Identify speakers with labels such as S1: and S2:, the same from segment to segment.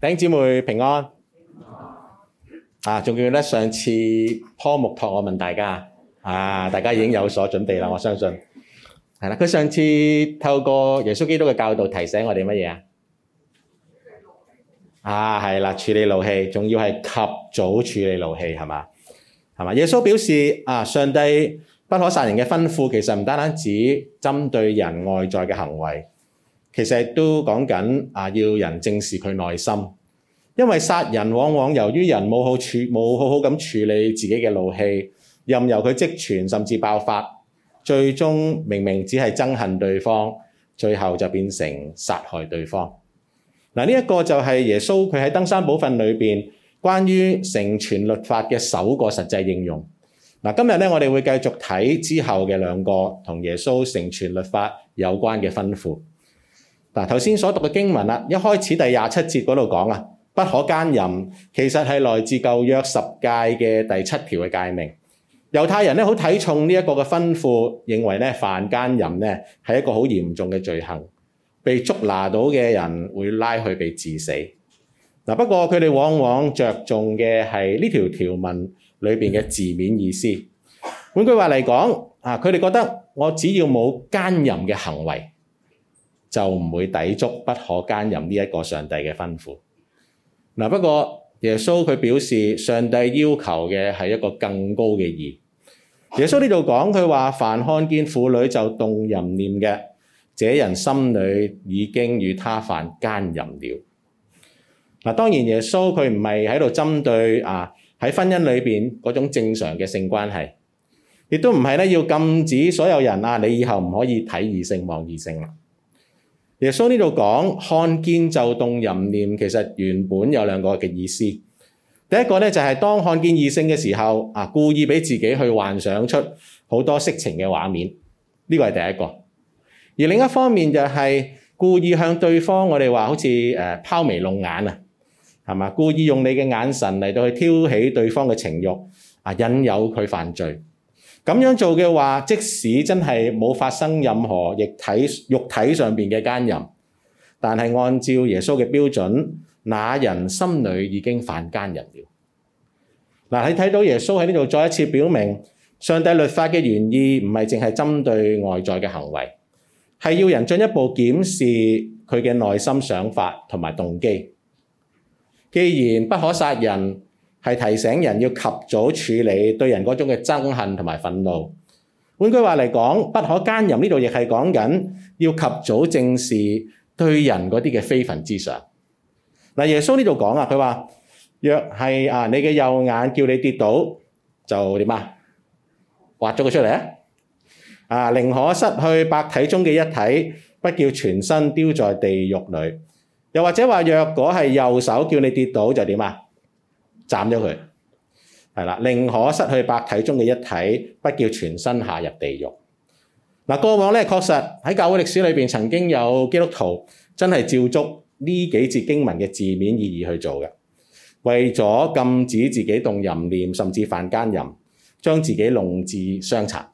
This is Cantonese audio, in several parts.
S1: 弟兄姐妹平安啊！仲記得，上次坡木託我問大家啊，大家已經有所準備啦。我相信係啦。佢上次透過耶穌基督嘅教導，提醒我哋乜嘢啊？啊，係啦，處理怒氣，仲要係及早處理怒氣，係嘛？係嘛？耶穌表示啊，上帝不可殺人嘅吩咐，其實唔單單指針對人外在嘅行為。其實都講緊啊，要人正視佢內心，因為殺人往往由於人冇好處，冇好好咁處理自己嘅怒氣，任由佢積存，甚至爆發，最終明明只係憎恨對方，最後就變成殺害對方嗱。啊，呢一個就係耶穌佢喺登山寶訓裏邊關於成全律法嘅首個實際應用嗱。啊，今日咧，我哋會繼續睇之後嘅兩個同耶穌成全律法有關嘅吩咐。嗱，頭先所讀嘅經文一開始第廿七節嗰度講，不可奸淫，其實係來自舊約十戒嘅第七條嘅誡命。猶太人咧好睇重呢一個嘅吩咐，認為咧犯奸淫咧係一個好嚴重嘅罪行，被捉拿到嘅人會拉去被治死。不過佢哋往往着重嘅係呢條條文裏面嘅字面意思。換句話嚟講，啊，佢哋覺得我只要冇奸淫嘅行為，就唔會抵觸不可奸淫呢一個上帝嘅吩咐嗱、啊。不過耶穌佢表示，上帝要求嘅係一個更高嘅義。耶穌呢度講佢話：凡看見婦女就動淫念嘅，這人心裏已經與他犯奸淫了嗱、啊。當然耶穌佢唔係喺度針對啊喺婚姻裏邊嗰種正常嘅性關係，亦都唔係咧要禁止所有人啊，你以後唔可以睇異性望異性啦。耶穌呢度講看見就動淫念，其實原本有兩個嘅意思。第一個咧就係當看見異性嘅時候，啊故意俾自己去幻想出好多色情嘅畫面，呢個係第一個。而另一方面就係故意向對方，我哋話好似誒拋眉弄眼啊，係嘛？故意用你嘅眼神嚟到去挑起對方嘅情慾，啊引誘佢犯罪。咁樣做嘅話，即使真係冇發生任何液體、肉體上邊嘅奸淫，但係按照耶穌嘅標準，那人心裏已經犯奸淫了。啊，你睇到耶穌喺呢度再一次表明，上帝律法嘅原意唔係淨係針對外在嘅行為，係要人進一步檢視佢嘅內心想法同埋動機。既然不可殺人，係提醒人要及早處理對人嗰種嘅憎恨同埋憤怒。換句話嚟講，不可奸淫呢度亦係講緊，要及早正視對人嗰啲嘅非分之想。嗱，耶穌呢度講，佢話，若係，你嘅右眼叫你跌倒，就點呀？挖咗佢出嚟啊？斬咗佢係啦，寧可失去百體中嘅一體，不叫全身下入地獄。嗱、啊，過往咧確實喺教會歷史裏面曾經有基督徒真係照足呢幾節經文嘅字面意義去做嘅，為咗禁止自己動淫念，甚至犯奸淫，將自己弄至傷殘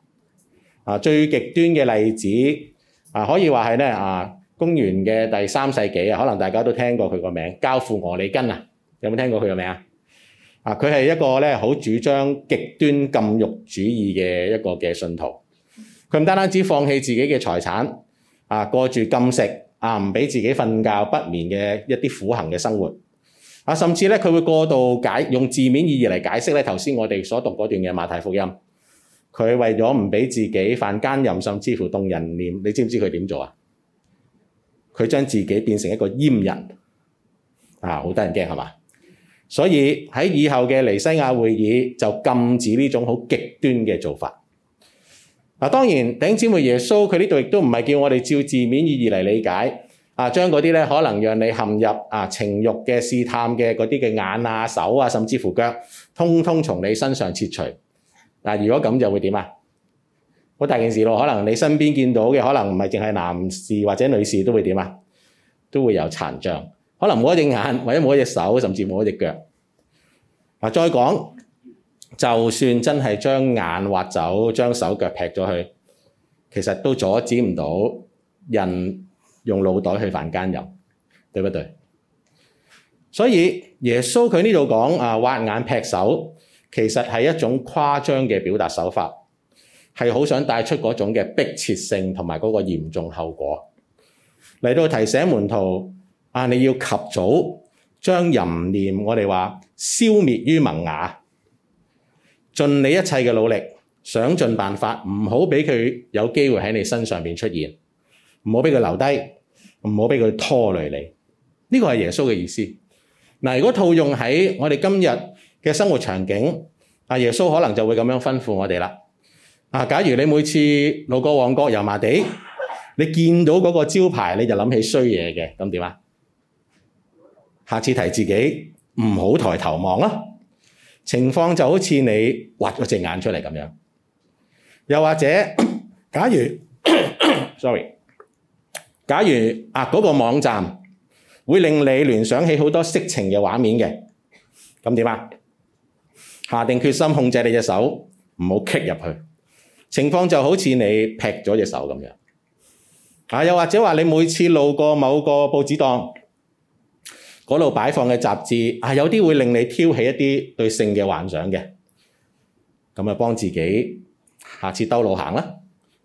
S1: 啊。最極端嘅例子啊，可以話係呢。啊，公元嘅第三世紀啊，可能大家都聽過佢個名字，教父俄里根啊，有冇聽過佢嘅名啊？啊！佢係一個咧好主張極端禁欲主義嘅一個嘅信徒，佢唔單單只放棄自己嘅財產，啊過住禁食，啊唔俾自己瞓覺不眠嘅一啲苦行嘅生活，啊甚至咧佢會過度解用字面意義嚟解釋咧頭先我哋所讀嗰段嘅馬太福音，佢為咗唔俾自己犯奸淫，甚至乎動人念，你知唔知佢點做啊？佢將自己變成一個閹人，啊好得人驚係嘛？所以喺以後嘅尼西亞會議就禁止呢種好極端嘅做法。嗱，當然頂姊妹耶穌佢呢度亦都唔係叫我哋照字面意義嚟理解。啊，將嗰啲可能讓你陷入啊情慾嘅試探嘅嗰啲嘅眼啊手啊甚至乎腳，通通從你身上切除。嗱、啊，如果咁就會點啊？好大件事咯，可能你身邊見到嘅可能唔係淨係男士或者女士都會點啊？都會有殘障。可能冇一隻眼，或者冇一隻手，甚至冇一隻腳。嗱，再講，就算真係將眼挖走，將手腳劈咗去，其實都阻止唔到人用腦袋去犯奸淫，對不對？所以耶穌佢呢度講啊，挖眼劈手，其實係一種誇張嘅表達手法，係好想帶出嗰種嘅迫切性同埋嗰個嚴重後果嚟到提醒門徒。啊！你要及早將淫念，我哋話消滅於萌芽，盡你一切嘅努力，想盡辦法，唔好俾佢有機會喺你身上面出現，唔好俾佢留低，唔好俾佢拖累你。呢個係耶穌嘅意思。嗱，如果套用喺我哋今日嘅生活場景，啊，耶穌可能就會咁樣吩咐我哋啦。啊，假如你每次路過旺角油麻地，你見到嗰個招牌，你就諗起衰嘢嘅，咁點啊？下次提自己唔好抬頭望啦，情況就好似你挖咗隻眼出嚟咁樣。又或者，假如，sorry，假如啊嗰個網站會令你聯想起好多色情嘅畫面嘅，咁點啊？下定決心控制你隻手，唔好撻入去。情況就好似你劈咗隻手咁樣。啊，又或者話你每次路過某個報紙檔。嗰度擺放嘅雜誌，啊，有啲會令你挑起一啲對性嘅幻想嘅，咁啊幫自己下次兜路行啦，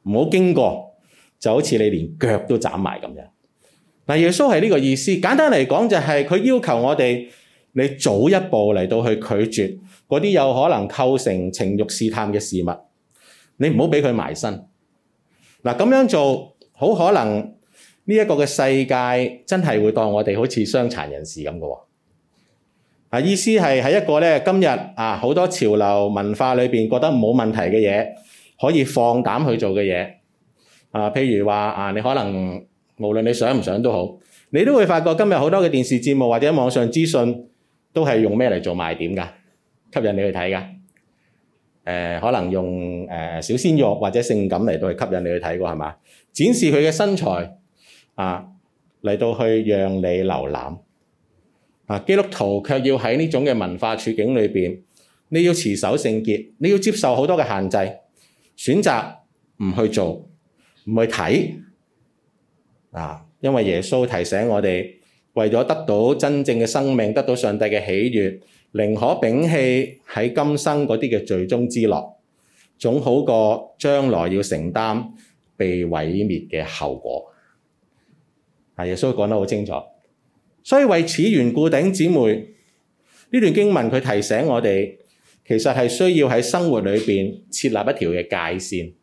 S1: 唔好經過，就好似你連腳都斬埋咁樣。嗱，耶穌係呢個意思，簡單嚟講就係佢要求我哋，你早一步嚟到去拒絕嗰啲有可能構成情慾試探嘅事物，你唔好俾佢埋身。嗱，咁樣做好可能。呢一個嘅世界真係會當我哋好似傷殘人士咁嘅喎，意思係喺一個咧今日啊好多潮流文化裏面覺得冇問題嘅嘢，可以放膽去做嘅嘢，啊譬如話啊你可能無論你想唔想都好，你都會發覺今日好多嘅電視節目或者網上資訊都係用咩嚟做賣點㗎，吸引你去睇㗎、呃。可能用、呃、小鮮肉或者性感嚟都係吸引你去睇㗎，係咪？展示佢嘅身材。啊！嚟到去讓你瀏覽啊！基督徒卻要喺呢種嘅文化處境裏邊，你要持守聖潔，你要接受好多嘅限制，選擇唔去做，唔去睇啊！因為耶穌提醒我哋，為咗得到真正嘅生命，得到上帝嘅喜悅，寧可摒棄喺今生嗰啲嘅罪中之樂，總好過將來要承擔被毀滅嘅後果。耶穌講得好清楚，所以為此緣故，頂姊妹呢段經文佢提醒我哋，其實係需要喺生活裏面設立一條嘅界線。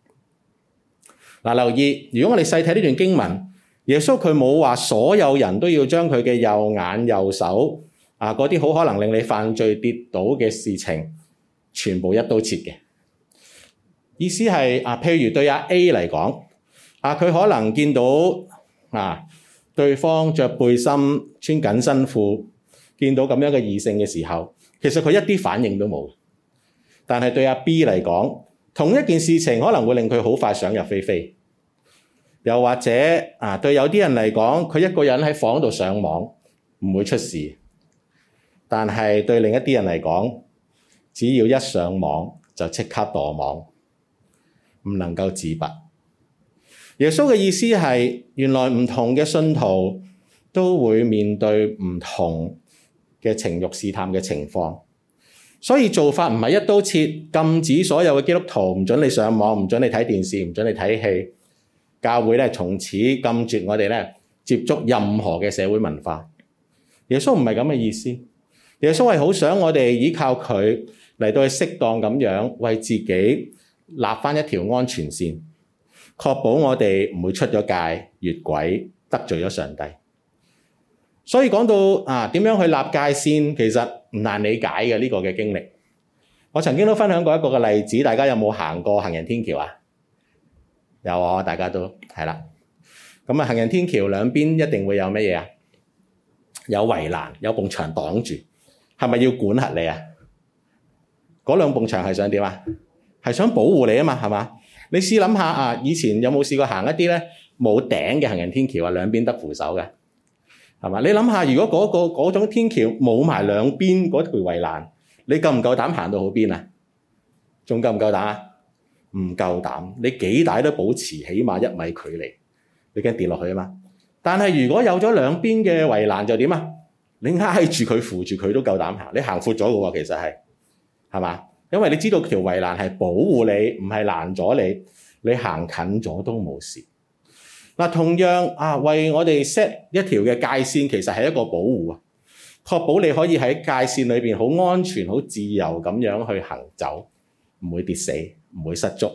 S1: 嗱，留意，如果我哋細睇呢段經文，耶穌佢冇話所有人都要將佢嘅右眼、右手啊，嗰啲好可能令你犯罪跌倒嘅事情，全部一刀切嘅。意思係啊，譬如對阿 A 嚟講，啊，佢可能見到啊。對方著背心穿緊身褲，見到咁樣嘅異性嘅時候，其實佢一啲反應都冇。但係對阿 B 嚟講，同一件事情可能會令佢好快想入非非。又或者啊，對有啲人嚟講，佢一個人喺房度上，上網唔會出事，但係對另一啲人嚟講，只要一上網就即刻墮網，唔能夠自拔。耶穌嘅意思係，原來唔同嘅信徒都會面對唔同嘅情慾試探嘅情況，所以做法唔係一刀切禁止所有嘅基督徒，唔准你上網，唔准你睇電視，唔准你睇戲。教會咧從此禁絕我哋咧接觸任何嘅社會文化。耶穌唔係咁嘅意思，耶穌係好想我哋依靠佢嚟到去適當咁樣為自己立返一條安全線。確保我哋唔會出咗界、越軌、得罪咗上帝。所以講到啊，點樣去立界線，其實唔難理解嘅呢、呢個嘅經歷。我曾經都分享過一個嘅例子，大家有冇行過行人天橋啊？有啊，大家都係啦。咁、嗯、行人天橋兩邊一定會有咩嘢啊？有圍欄，有棟牆擋住，係咪要管轄你啊？嗰兩棟牆係想點啊？係想保護你啊嘛，係嘛？你試諗下啊，以前有冇試過行一啲咧冇頂嘅行人天橋啊，兩邊得扶手嘅，係嘛？你諗下，如果嗰、嗰個嗰種天橋冇埋兩邊嗰條圍欄，你夠唔夠膽行到好邊啊？仲夠唔夠膽啊？唔夠膽！你幾大都保持起碼一米距離，你驚跌落去啊嘛。但係如果有咗兩邊嘅圍欄就點啊？你挨住佢扶住佢都夠膽行，你行闊咗嘅喎，其實係係嘛？因為你知道條圍欄係保護你，唔係攔咗你。你行近咗都冇事嗱。同樣啊，為我哋 set 一條嘅界線，其實係一個保護啊，確保你可以喺界線裏面好安全、好自由咁樣去行走，唔會跌死，唔會失足。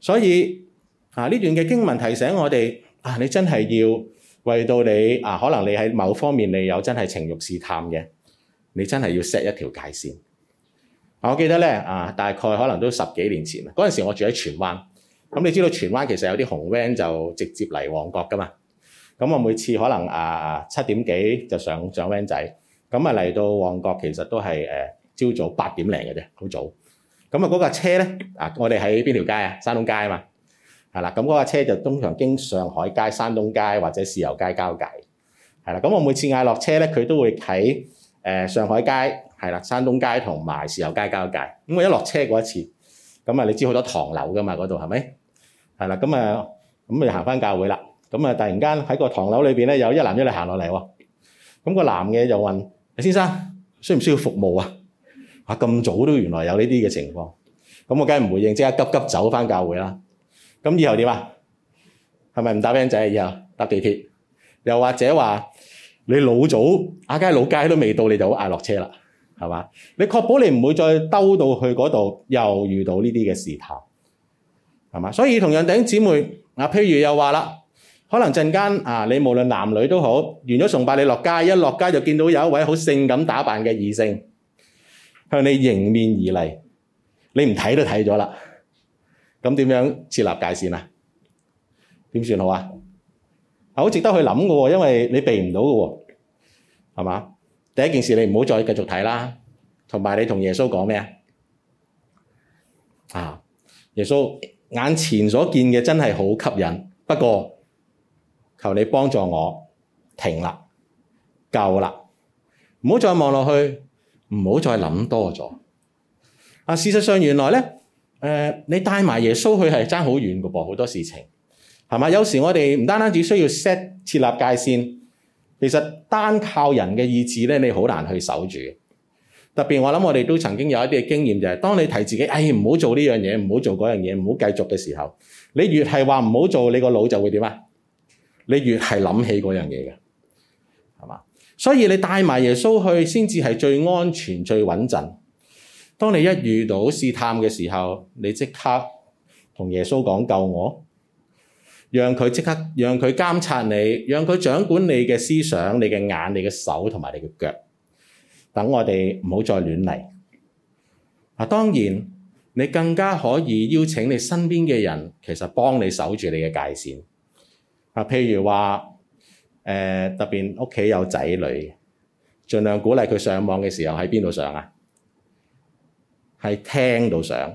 S1: 所以啊，呢段嘅經文提醒我哋啊，你真係要為到你啊，可能你喺某方面你有真係情欲試探嘅，你真係要 set 一條界線。我記得咧啊，大概可能都十幾年前啦。嗰陣時我住喺荃灣，咁、嗯、你知道荃灣其實有啲紅 van 就直接嚟旺角噶嘛。咁、嗯、我每次可能啊七點幾就上上 van 仔，咁啊嚟到旺角其實都係誒朝早八點零嘅啫，好、那、早、個。咁啊嗰架車咧啊，我哋喺邊條街啊？山東街啊嘛，係、嗯、啦。咁嗰架車就通常經上海街、山東街或者豉油街交界，係、嗯、啦。咁、嗯、我每次嗌落車咧，佢都會喺誒、呃、上海街。係啦，山東街同埋豉油街交界。咁我一落車嗰一次，咁你知好多唐樓㗎嘛？嗰度係咪係啦？咁啊，咁咪行翻教會啦。咁啊，突然間喺個唐樓裏面咧，有一男一女行落嚟喎。咁、嗰個男嘅就問：先生需唔需要服務啊？嚇、啊、咁早都原來有呢啲嘅情況。咁我梗係唔回應，即刻急急走翻教會啦。咁以後點啊？係咪唔搭靚仔啊？以後搭地鐵，又或者話你老早啊，亞皆老街都未到，你就嗌落車啦。係嘛？你確保你唔會再兜到去嗰度，又遇到呢啲嘅試探，係嘛？所以同樣頂姊妹，啊，譬如又話啦，可能陣間啊，你無論男女都好，完咗崇拜你落街，一落街就見到有一位好性感打扮嘅異性向你迎面而嚟，你唔睇都睇咗啦。咁點樣設立界線啊？點算好啊？係好值得去諗嘅，因為你避唔到嘅喎，係嘛？第一件事你，你唔好再繼續睇啦。同埋，你同耶穌講咩啊？啊，耶穌眼前所見嘅真係好吸引，不過求你幫助我停啦，夠啦，唔好再望落去，唔好再諗多咗、啊。事實上原來呢，誒、呃，你帶埋耶穌去係差好遠嘅噃，好多事情，係嘛？有時我哋唔單單只需要 set 設立界線。其實單靠人嘅意志咧，你好難去守住。特別我諗我哋都曾經有一啲經驗就係、是，當你提自己，哎唔好做呢樣嘢，唔好做嗰樣嘢，唔好繼續嘅時候，你越係話唔好做，你個腦就會點啊？你越係諗起嗰樣嘢嘅，係嘛？所以你帶埋耶穌去，先至係最安全、最穩陣。當你一遇到試探嘅時候，你即刻同耶穌講救我。讓佢即刻，讓佢監察你，讓佢掌管你嘅思想、你嘅眼、你嘅手同埋你嘅腳，等我哋唔好再亂嚟。嗱、啊，當然你更加可以邀請你身邊嘅人，其實幫你守住你嘅界線。啊，譬如話誒、呃，特別屋企有仔女，盡量鼓勵佢上網嘅時候喺邊度上啊，喺廳度上。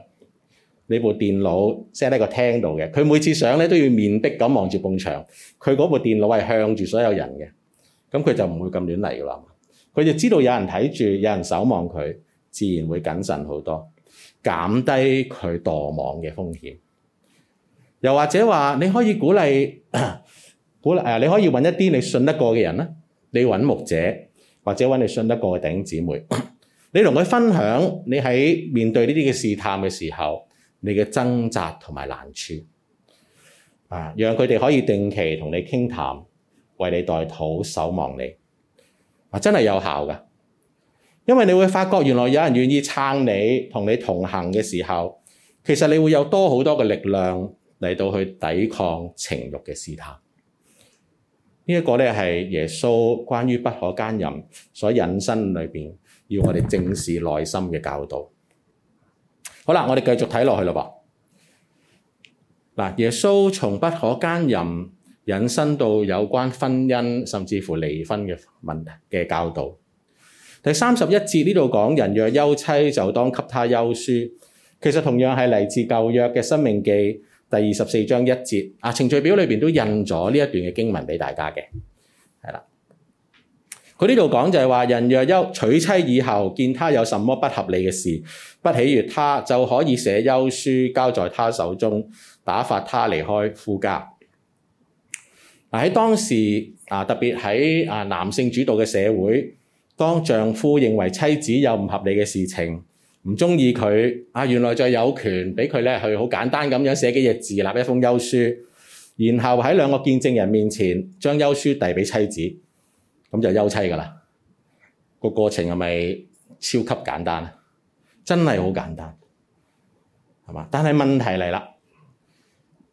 S1: 你部電腦 set 喺個廳度嘅，佢每次上咧都要面壁咁望住埲牆。佢嗰部電腦係向住所有人嘅，咁佢就唔會咁亂嚟噶啦。佢就知道有人睇住，有人守望佢，自然會謹慎好多，減低佢墮網嘅風險。又或者話， 你可以鼓勵鼓勵誒，你可以揾一啲你信得過嘅人啦，你揾牧者或者揾你信得過嘅頂姊妹， 你同佢分享你喺面對呢啲嘅試探嘅時候。你嘅掙扎同埋難處，啊，讓佢哋可以定期同你傾談，為你代禱、守望你，啊，真係有效㗎。因為你會發覺，原來有人願意撐你、同你同行嘅時候，其實你會有多好多嘅力量嚟到去抵抗情慾嘅試探。呢、這、一個咧係耶穌關於不可姦淫所引申裏邊，要我哋正視內心嘅教導。好啦，我哋繼續睇落去咯噃。嗱，耶穌從不可姦淫，引申到有關婚姻甚至乎離婚嘅問題嘅教導。第三十一節呢度講，人若休妻，就當給他休書。其實同樣係嚟自舊約嘅申命記第二十四章一節。啊，程序表裏邊都印咗呢一段嘅經文俾大家嘅，係啦。佢呢度講就係話：人若休娶妻以後，見他有什麼不合理嘅事，不喜悅他，就可以寫休書交在他手中，打發他離開夫家。喺當時啊，特別喺啊男性主導嘅社會，當丈夫認為妻子有唔合理嘅事情，唔中意佢啊，原來就有權俾佢咧去好簡單咁樣寫幾隻字，立一封休書，然後喺兩個見證人面前，將休書遞俾妻子。咁就休妻噶啦，個過程係咪超級簡單？真係好簡單，係嘛？但係問題嚟啦，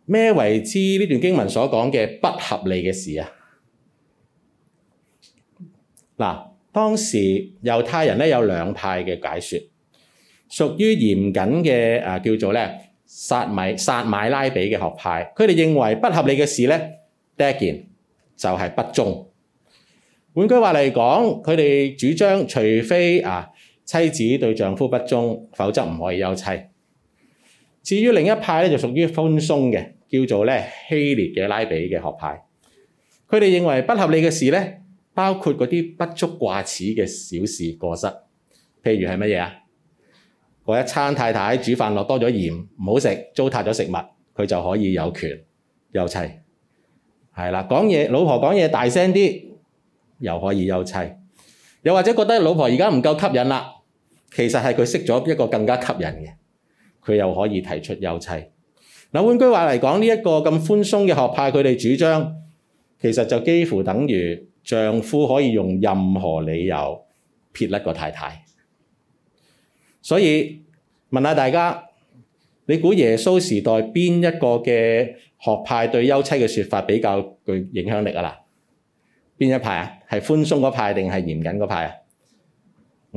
S1: 咩為之呢段經文所講嘅不合理嘅事啊？嗱，當時猶太人咧有兩派嘅解説，屬於嚴謹嘅叫做咧撒米撒米拉比嘅學派，佢哋認為不合理嘅事咧，第一件就係、是、不忠。換句話嚟講，佢哋主張，除非啊妻子對丈夫不忠，否則唔可以休妻。至於另一派就屬於寬鬆嘅，叫做咧希列嘅拉比嘅學派。佢哋認為不合理嘅事咧，包括嗰啲不足掛齒嘅小事過失，譬如係乜嘢啊？嗰一餐太太煮飯落多咗鹽，唔好食，糟蹋咗食物，佢就可以有權休妻。係啦，講嘢老婆講嘢大聲啲。又可以休妻，又或者覺得老婆而家唔夠吸引啦，其實係佢識咗一個更加吸引嘅，佢又可以提出休妻。嗱，換句話嚟講，呢一個咁寬鬆嘅學派，佢哋主張其實就幾乎等於丈夫可以用任何理由撇甩個太太。所以問下大家，你估耶穌時代邊一個嘅學派對休妻嘅説法比較具影響力啊？嗱，邊一派啊？係寬鬆嗰派定係嚴緊嗰派？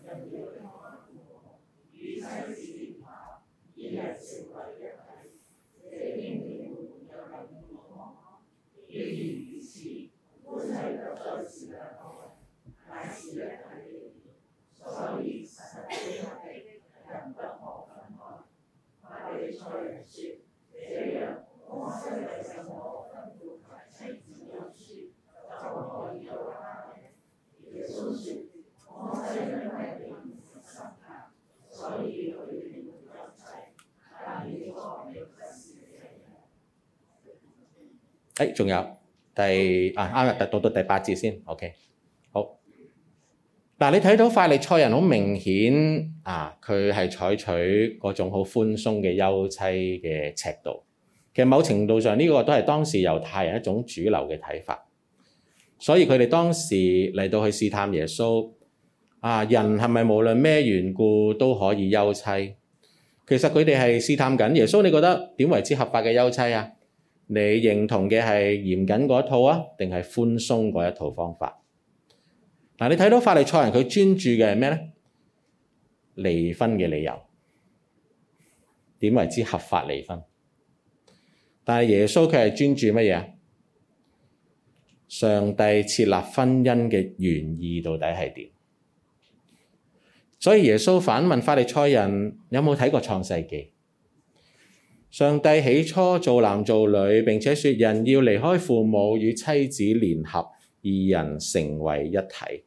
S1: 誒，仲、哎、有第啊啱啊，到到第八節先。OK，好。嗱，你睇到法利賽人好明顯啊，佢係採取嗰種好寬鬆嘅休妻嘅尺度。其實某程度上呢個都係當時猶太人一種主流嘅睇法。所以佢哋當時嚟到去試探耶穌啊，人係咪無論咩緣故都可以休妻？其實佢哋係試探緊耶穌。你覺得點為之合法嘅休妻啊？你認同嘅係嚴謹嗰一套啊，定係寬鬆嗰一套方法？你睇到法利賽人佢專注嘅係咩呢？離婚嘅理由點為之合法離婚？但係耶穌佢係專注乜嘢？上帝設立婚姻嘅原意到底係點？所以耶穌反問法利賽人：你有冇睇過創世記？上帝起初做男做女，並且說人要離開父母與妻子聯合，二人成為一體。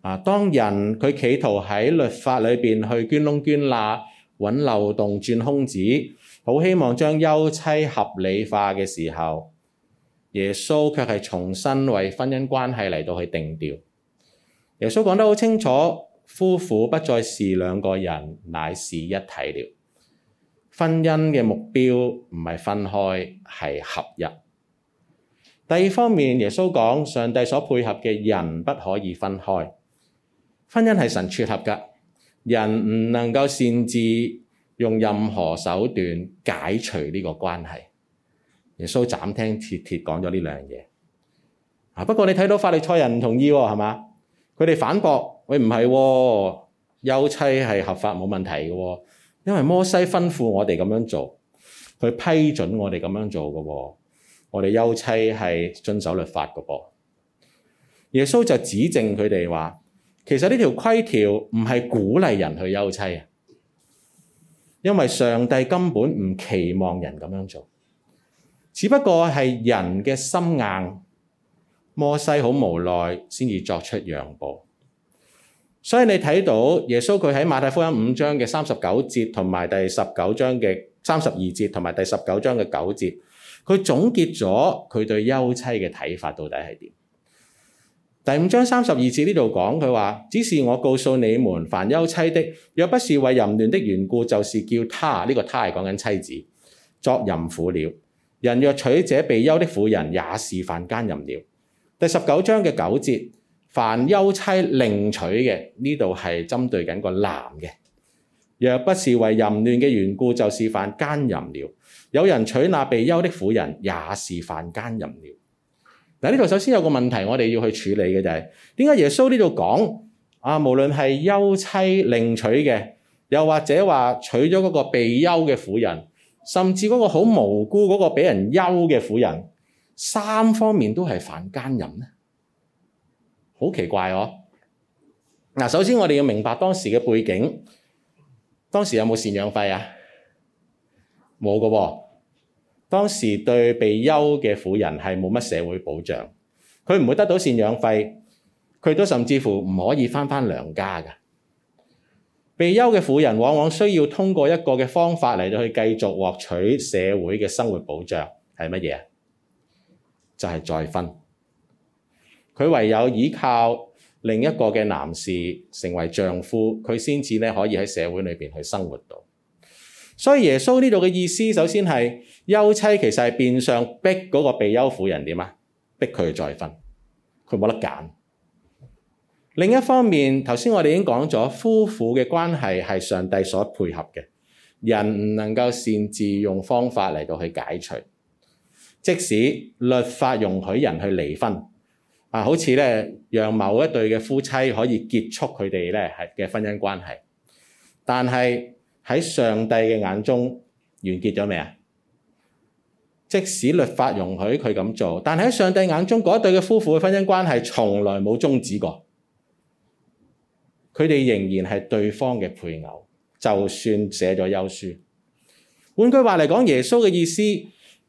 S1: 啊，當人佢企圖喺律法裏邊去捐窿捐罅，揾漏洞鑽空子，好希望將休妻合理化嘅時候，耶穌卻係重新為婚姻關係嚟到去定調。耶穌講得好清楚，夫婦不再是兩個人，乃是一體了。婚姻嘅目標唔係分開，係合一。第二方面，耶穌講上帝所配合嘅人不可以分開，婚姻係神撮合嘅，人唔能夠擅自用任何手段解除呢個關係。耶穌斬釘截鐵講咗呢兩樣嘢。不過你睇到法利賽人唔同意喎，係咪？佢哋反駁：喂，唔係喎，休妻係合法冇問題嘅喎。因為摩西吩咐我哋咁樣做，佢批准我哋咁樣做噶，我哋休妻係遵守律法噶。耶穌就指證佢哋話，其實呢條規條唔係鼓勵人去休妻，因為上帝根本唔期望人咁樣做，只不過係人嘅心硬，摩西好無奈先至作出讓步。所以你睇到耶穌佢喺馬太福音五章嘅三十九節，同埋第十九章嘅三十二節，同埋第十九章嘅九節，佢總結咗佢對休妻嘅睇法到底係點？第五章三十二節呢度講佢話，只是我告訴你們，凡休妻的，若不是為淫亂的緣故，就是叫他呢、這個他係講緊妻子作淫婦了。人若娶這被休的婦人，也是犯奸淫了。第十九章嘅九節。凡休妻另娶嘅，呢度係針對緊個男嘅。若不是為淫亂嘅緣故，就是犯奸淫了。有人娶納被休的婦人，也是犯奸淫了。嗱，呢度首先有個問題，我哋要去處理嘅就係、是，點解耶穌呢度講啊？無論係休妻另娶嘅，又或者話娶咗嗰個被休嘅婦人，甚至嗰個好無辜嗰個俾人休嘅婦人，三方面都係犯奸淫呢？好奇怪哦！嗱，首先我哋要明白當時嘅背景，當時有冇贍養費啊？冇㗎、啊，當時對被休嘅婦人係冇乜社會保障，佢唔會得到贍養費，佢都甚至乎唔可以返返娘家嘅。被休嘅婦人往往需要通過一個嘅方法嚟到去繼續獲取社會嘅生活保障，係乜嘢？就係、是、再婚。佢唯有依靠另一個嘅男士成為丈夫，佢先至可以喺社會裏面去生活到。所以耶穌呢度嘅意思，首先係休妻其實係變相逼嗰個被休婦人點啊？逼佢再婚，佢冇得揀。另一方面，頭先我哋已經講咗，夫婦嘅關係係上帝所配合嘅，人唔能夠擅自用方法嚟到去解除，即使律法容許人去離婚。啊，好似咧，讓某一對嘅夫妻可以結束佢哋咧係嘅婚姻關係，但係喺上帝嘅眼中，完結咗未啊？即使律法容許佢咁做，但係喺上帝眼中，嗰一對嘅夫婦嘅婚姻關係，從來冇終止過。佢哋仍然係對方嘅配偶，就算寫咗休書。換句話嚟講，耶穌嘅意思，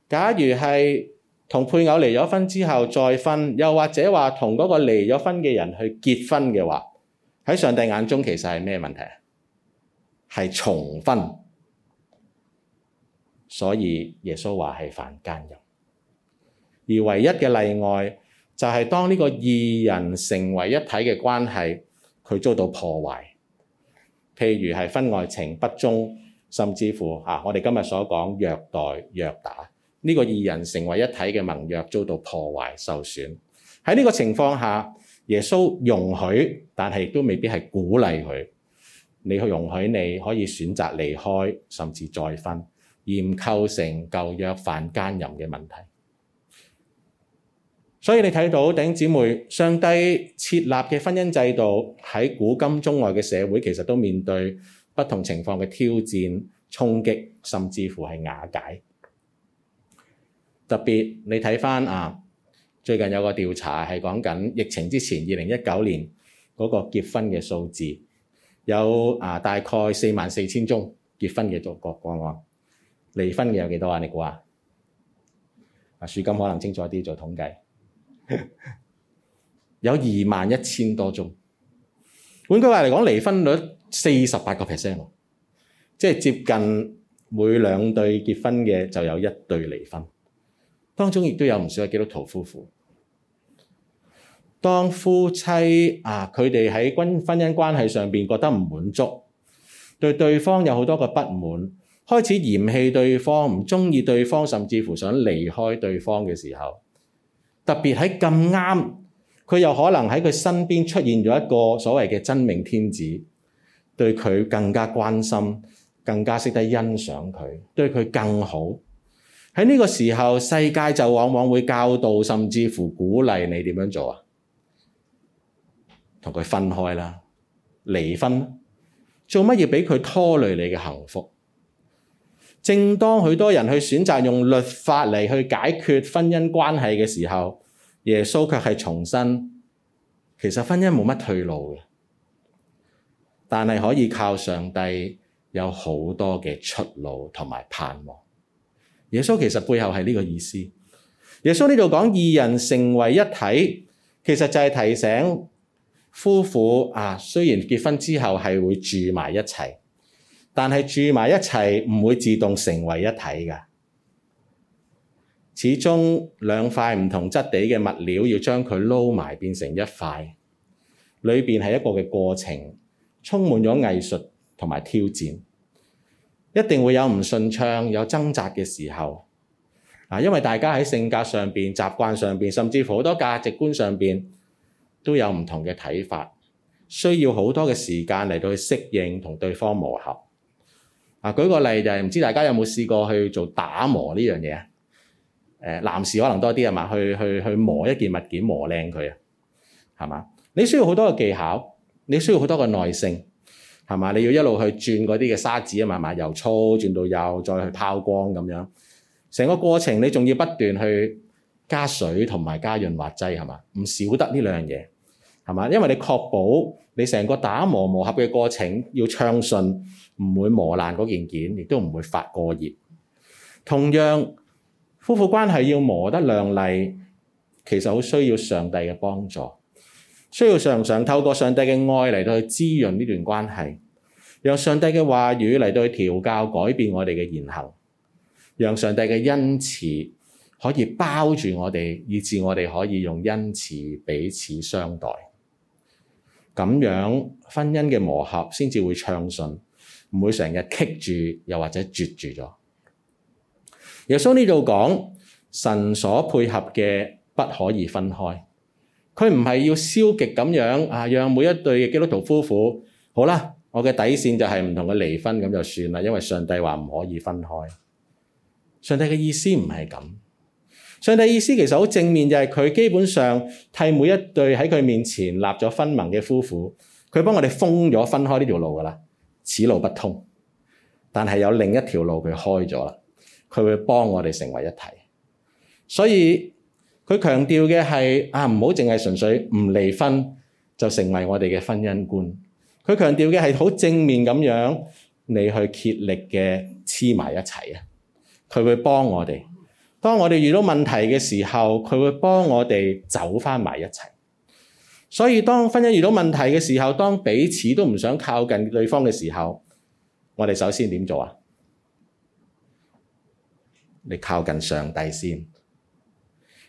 S1: 假如係，同配偶離咗婚之後再婚，又或者話同嗰個離咗婚嘅人去結婚嘅話，喺上帝眼中其實係咩問題啊？係重婚，所以耶穌話係犯奸淫。而唯一嘅例外就係當呢個二人成為一體嘅關係，佢遭到破壞，譬如係婚外情不忠，甚至乎嚇、啊、我哋今日所講虐待、虐打，呢個二人成為一體嘅盟約遭到破壞受損。喺呢個情況下，耶穌容許，但係亦都未必係鼓勵佢。你去容許，你可以選擇離開，甚至再婚，而唔構成舊約犯奸淫嘅問題。所以你睇到頂姊妹，上帝設立嘅婚姻制度喺古今中外嘅社會，其實都面對不同情況嘅挑戰、衝擊，甚至乎係瓦解。特別你睇返啊，最近有個調查，係講緊疫情之前二零一九年嗰個結婚嘅數字有啊，大概四萬四千宗結婚嘅作個案，離婚嘅有幾多啊？你估下，啊，署金可能清楚啲做統計， 有二萬一千多宗。換句話嚟講，離婚率四十八個 percent，即係接近每兩對結婚嘅就有一對離婚。當中亦都有唔少嘅基督徒夫婦。當夫妻啊，佢哋喺婚姻關係上面覺得唔滿足，對對方有好多個不滿，開始嫌棄對方，唔鍾意對方，甚至乎想離開對方嘅時候，特別喺咁啱，佢又可能喺佢身邊出現咗一個所謂嘅真命天子，對佢更加關心，更加識得欣賞佢，對佢更好。喺呢個時候，世界就往往會教導甚至乎鼓勵你點樣做啊？同佢分開啦，離婚，做乜要俾佢拖累你嘅幸福？正當許多人去選擇用律法嚟去解決婚姻關係嘅時候，耶穌卻係重申，其實婚姻冇乜退路嘅，但係可以靠上帝有好多嘅出路同埋盼望。耶穌其實背後係呢個意思。耶穌呢度講二人成為一體，其實就係提醒夫婦啊，雖然結婚之後係會住埋一齊，但係住埋一齊唔會自動成為一體嘅。始終兩塊唔同質地嘅物料要將佢撈埋變成一塊，裏面係一個嘅過程，充滿咗藝術同埋挑戰。一定會有唔順暢、有掙扎嘅時候，啊，因為大家喺性格上邊、習慣上邊，甚至乎好多價值觀上邊都有唔同嘅睇法，需要好多嘅時間嚟到去適應同對方磨合。啊，舉個例就係唔知大家有冇試過去做打磨呢樣嘢啊？誒，男士可能多啲係嘛？去去磨一件物件磨靚佢啊，係嘛？你需要好多嘅技巧，你需要好多嘅耐性。係嘛？你要一路去轉嗰啲嘅砂紙，慢慢由粗轉到幼，再去拋光咁樣，成個過程你仲要不斷去加水同埋加潤滑劑，係嘛？唔少得呢兩樣嘢，係嘛？因為你確保你成個打磨磨合嘅過程要暢順，唔會磨爛嗰件件，亦都唔會發過熱。同樣，夫婦關係要磨得亮麗，其實好需要上帝嘅幫助。需要常常透過上帝嘅愛嚟到去滋潤呢段關係，讓上帝嘅話語嚟到去調教改變我哋嘅言行，讓上帝嘅恩慈可以包住我哋，以致我哋可以用恩慈彼此相待。咁樣婚姻嘅磨合先至會暢順，唔會成日棘住又或者絕住咗。耶穌呢度講，神所配合嘅不可以分開。佢唔係要消極咁樣啊，讓每一對基督徒夫婦。好啦，我嘅底線就係唔同佢離婚咁就算啦，因為上帝話唔可以分開。上帝嘅意思唔係咁，上帝的意思其實好正面，就係、是、佢基本上替每一對喺佢面前立咗分盟嘅夫婦，佢幫我哋封咗分開呢條路噶啦，此路不通。但係有另一條路佢開咗啦，佢會幫我哋成為一體，所以。佢強調嘅係啊，唔好淨係純粹唔離婚就成為我哋嘅婚姻觀。佢強調嘅係好正面咁樣，你去竭力嘅黐埋一齊啊！佢會幫我哋，當我哋遇到問題嘅時候，佢會幫我哋走返埋一齊。所以當婚姻遇到問題嘅時候，當彼此都唔想靠近對方嘅時候，我哋首先點做啊？你靠近上帝先。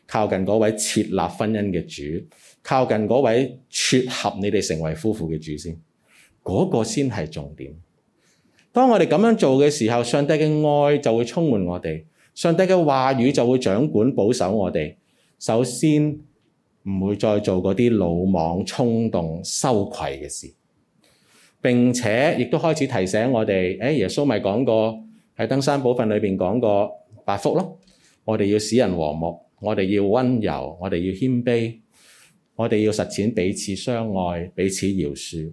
S1: 靠近嗰位設立婚姻嘅主，靠近嗰位撮合你哋成為夫婦嘅主先，嗰、嗰個先係重點。當我哋咁樣做嘅時候，上帝嘅愛就會充滿我哋，上帝嘅話語就會掌管保守我哋。首先唔會再做嗰啲魯莽、衝動、羞愧嘅事。並且亦都開始提醒我哋：誒、哎、耶穌咪講過喺登山寶訓裏面講過八福咯，我哋要使人和睦。我哋要溫柔，我哋要謙卑，我哋要實踐彼此相愛、彼此饒恕。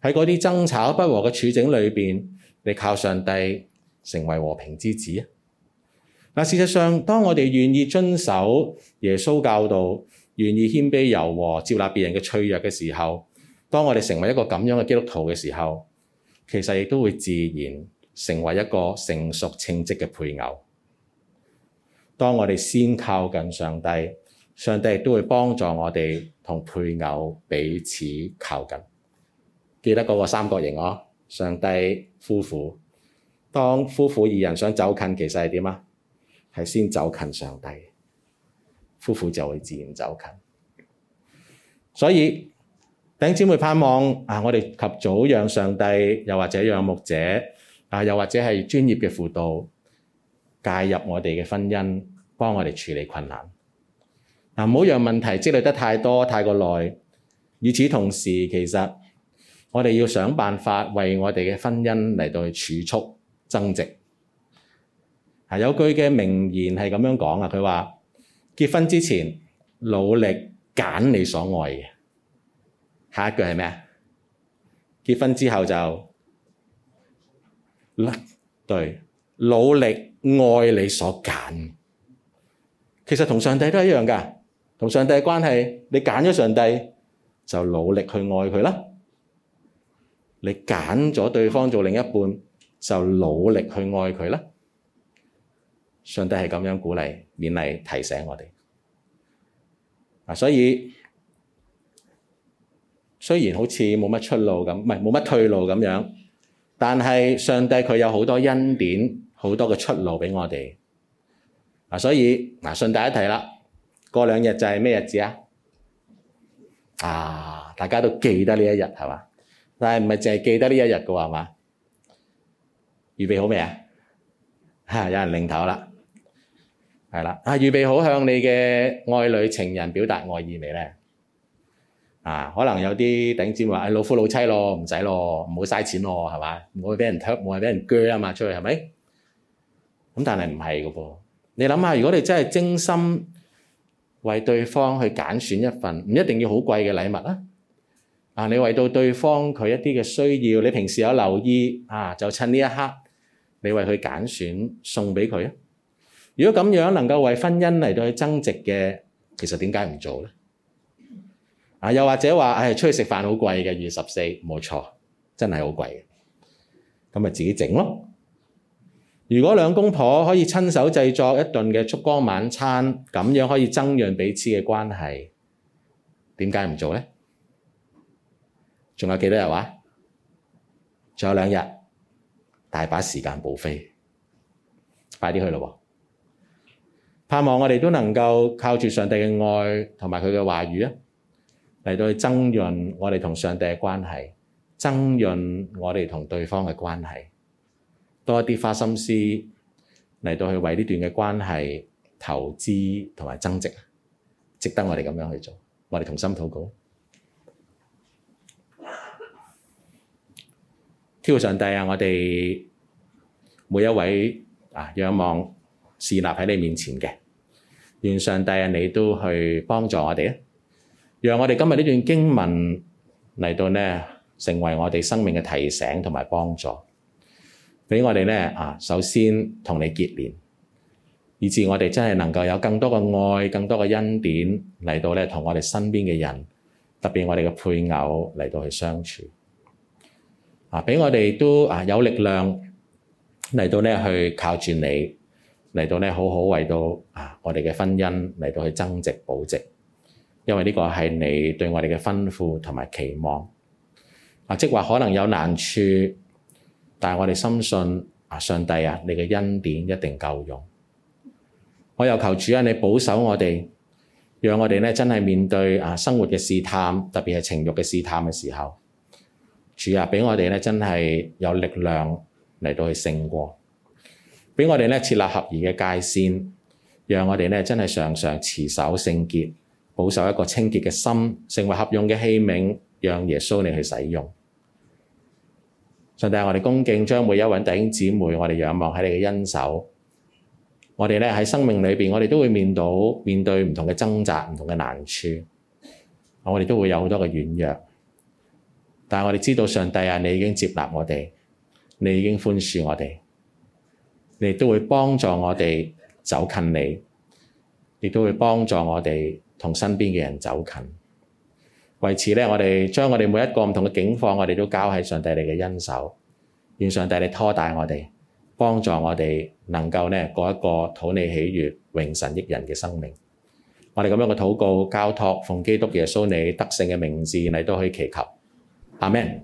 S1: 喺嗰啲爭吵不和嘅處境裏邊，你靠上帝成為和平之子啊！事實上，當我哋願意遵守耶穌教導，願意謙卑柔和，接納別人嘅脆弱嘅時候，當我哋成為一個咁樣嘅基督徒嘅時候，其實亦都會自然成為一個成熟稱職嘅配偶。當我哋先靠近上帝，上帝都會幫助我哋同配偶彼此靠近。記得嗰個三角形哦，上帝、夫婦。當夫婦二人想走近，其實係點啊？係先走近上帝，夫婦就會自然走近。所以，弟兄姊妹盼望啊，我哋及早讓上帝，又或者讓牧者，啊，又或者係專業嘅輔導。介入我哋嘅婚姻，幫我哋處理困難。嗱、啊，唔好讓問題積累得太多、太過耐。與此同時，其實我哋要想辦法為我哋嘅婚姻嚟到去儲蓄增值。啊，有句嘅名言係咁樣講啊，佢話：結婚之前努力揀你所愛嘅，下一句係咩啊？結婚之後就努，對，努力。愛你所揀。好多嘅出路俾我哋，嗱，所以嗱順帶一提啦，過兩日就係咩日子啊？啊，大家都記得呢一日係嘛？但係唔係淨係記得呢一日嘅係嘛？預備好未啊？嚇，有人領頭啦，係啦，啊，預備好向你嘅愛侶、情人表達愛意未咧？啊，可能有啲頂尖話，唉，老夫老妻咯，唔使咯，唔好嘥錢咯，係嘛？唔好俾人㗋，唔好俾人鋸啊嘛！出去係咪？但係唔係嘅噃？你諗下，如果你真係精心為對方去揀選一份，唔一定要好貴嘅禮物啊，啊！你為到對方佢一啲嘅需要，你平時有留意啊？就趁呢一刻，你為佢揀選送俾佢啊！如果咁樣能夠為婚姻嚟到去增值嘅，其實點解唔做咧，啊？又或者話、哎，出去食飯好貴嘅，二月十四冇錯，真係好貴嘅，咁咪自己整咯。如果兩公婆可以親手製作一頓嘅燭光晚餐，咁樣可以增潤彼此嘅關係，點解唔做呢？仲有幾多日話？仲有兩日，大把時間補飛，快啲去咯！盼望我哋都能夠靠住上帝嘅愛同埋佢嘅話語啊，嚟到去增潤我哋同上帝嘅關係，增潤我哋同對方嘅關係。多一啲花心思嚟到去為呢段嘅關係投資同埋增值，值得我哋咁樣去做。我哋同心禱告。跳上帝啊！我哋每一位啊，仰望侍立喺你面前嘅，願上帝啊，你都去幫助我哋啊！讓我哋今日呢段經文嚟到呢，成為我哋生命嘅提醒同埋幫助。俾我哋咧啊，首先同你結連，以至我哋真係能夠有更多嘅愛，更多嘅恩典嚟到咧，同我哋身邊嘅人，特別我哋嘅配偶嚟到去相處啊，俾我哋都啊有力量嚟到咧去靠住你，嚟到咧好好為到啊我哋嘅婚姻嚟到去增值保值，因為呢個係你對我哋嘅吩咐同埋期望啊，即係話可能有難處。但我哋深信啊，上帝啊，你嘅恩典一定夠用。我又求主啊，你保守我哋，讓我哋咧真係面對啊生活嘅試探，特別係情欲嘅試探嘅時候，主啊，俾我哋咧真係有力量嚟到去勝過，俾我哋咧設立合宜嘅界線，讓我哋咧真係常常持守聖潔，保守一個清潔嘅心，成為合用嘅器皿，讓耶穌你去使用。上帝我哋恭敬，將每一位弟兄姊妹，我哋仰望喺你嘅恩手。我哋咧喺生命裏面，我哋都會面對面對唔同嘅掙扎、唔同嘅難處，我哋都會有好多嘅軟弱。但我哋知道，上帝啊，你已經接納我哋，你已經寬恕我哋，你也都會幫助我哋走近你，亦都會幫助我哋同身邊嘅人走近。為此咧，我哋將我哋每一個唔同嘅境況，我哋都交喺上帝你嘅恩手，願上帝你拖帶我哋，幫助我哋能夠咧過一個討你喜悅、榮神益人嘅生命。我哋咁樣嘅禱告交託，奉基督耶穌你得勝嘅名字，你都可以祈求。阿門。